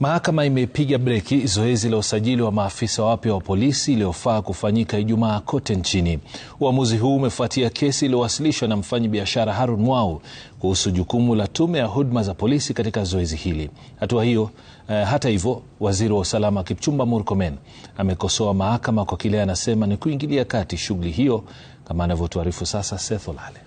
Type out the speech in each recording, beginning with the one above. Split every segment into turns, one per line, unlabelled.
Mahakama imepiga breki zoezi la usajili wa maafisa wapya wa polisi iliyofaa kufanyika Ijumaa kote nchini. Uamuzi huu umefuatia kesi iliyowasilishwa na mfanyabiashara Harun Mwau kuhusu jukumu la tume ya huduma za polisi katika zoezi hili. Hatua hiyo eh, hata hivyo, waziri wa usalama Kipchumba Murkomen amekosoa mahakama kwa kile anasema ni kuingilia kati shughuli hiyo, kama anavyotuarifu sasa Seth Olale.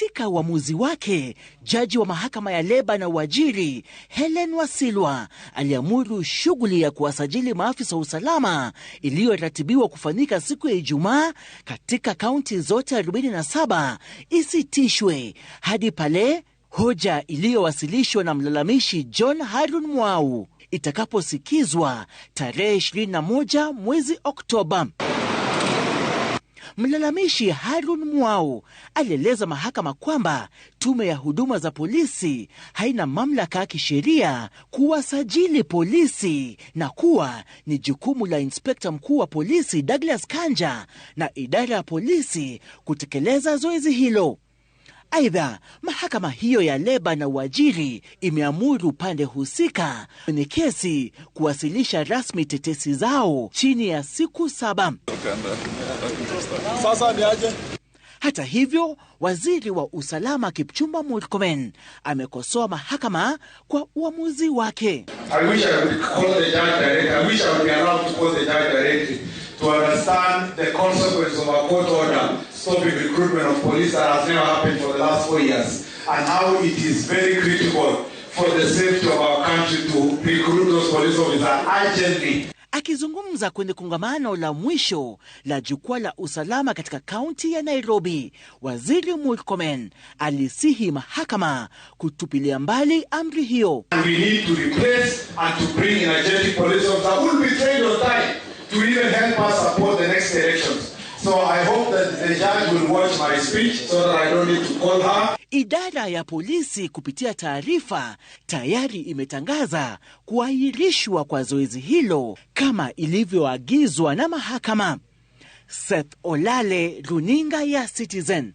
Katika uamuzi wake, jaji wa mahakama ya leba na uajiri Helen Wasilwa aliamuru shughuli ya kuwasajili maafisa wa usalama iliyoratibiwa kufanyika siku ya Ijumaa katika kaunti zote 47 isitishwe hadi pale hoja iliyowasilishwa na mlalamishi John Harun Mwau itakaposikizwa tarehe 21 mwezi Oktoba. Mlalamishi Harun Mwau alieleza mahakama kwamba tume ya huduma za polisi haina mamlaka ya kisheria kuwasajili polisi na kuwa ni jukumu la inspekta mkuu wa polisi Douglas Kanja na idara ya polisi kutekeleza zoezi hilo. Aidha, mahakama hiyo ya leba na uajiri imeamuru pande husika kwenye kesi kuwasilisha rasmi tetesi zao chini ya siku saba. Sasa ni aje? Hata hivyo, waziri wa usalama Kipchumba Murkomen amekosoa mahakama kwa uamuzi wake.
I stopping recruitment of police that has never happened for the last four years, and how it is very critical for the safety of our country to recruit those police officers urgently.
Akizungumza kwenye kongamano la mwisho la jukwaa la usalama katika kaunti ya Nairobi, waziri Murkomen alisihi mahakama kutupilia mbali amri hiyo.
and We need to to replace bring energetic police officers.
Idara ya polisi kupitia taarifa tayari imetangaza kuahirishwa kwa zoezi hilo kama ilivyoagizwa na mahakama. Seth Olale, runinga ya Citizen.